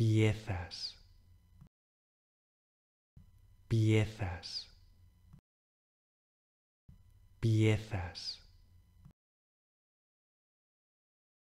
piezas, piezas, piezas.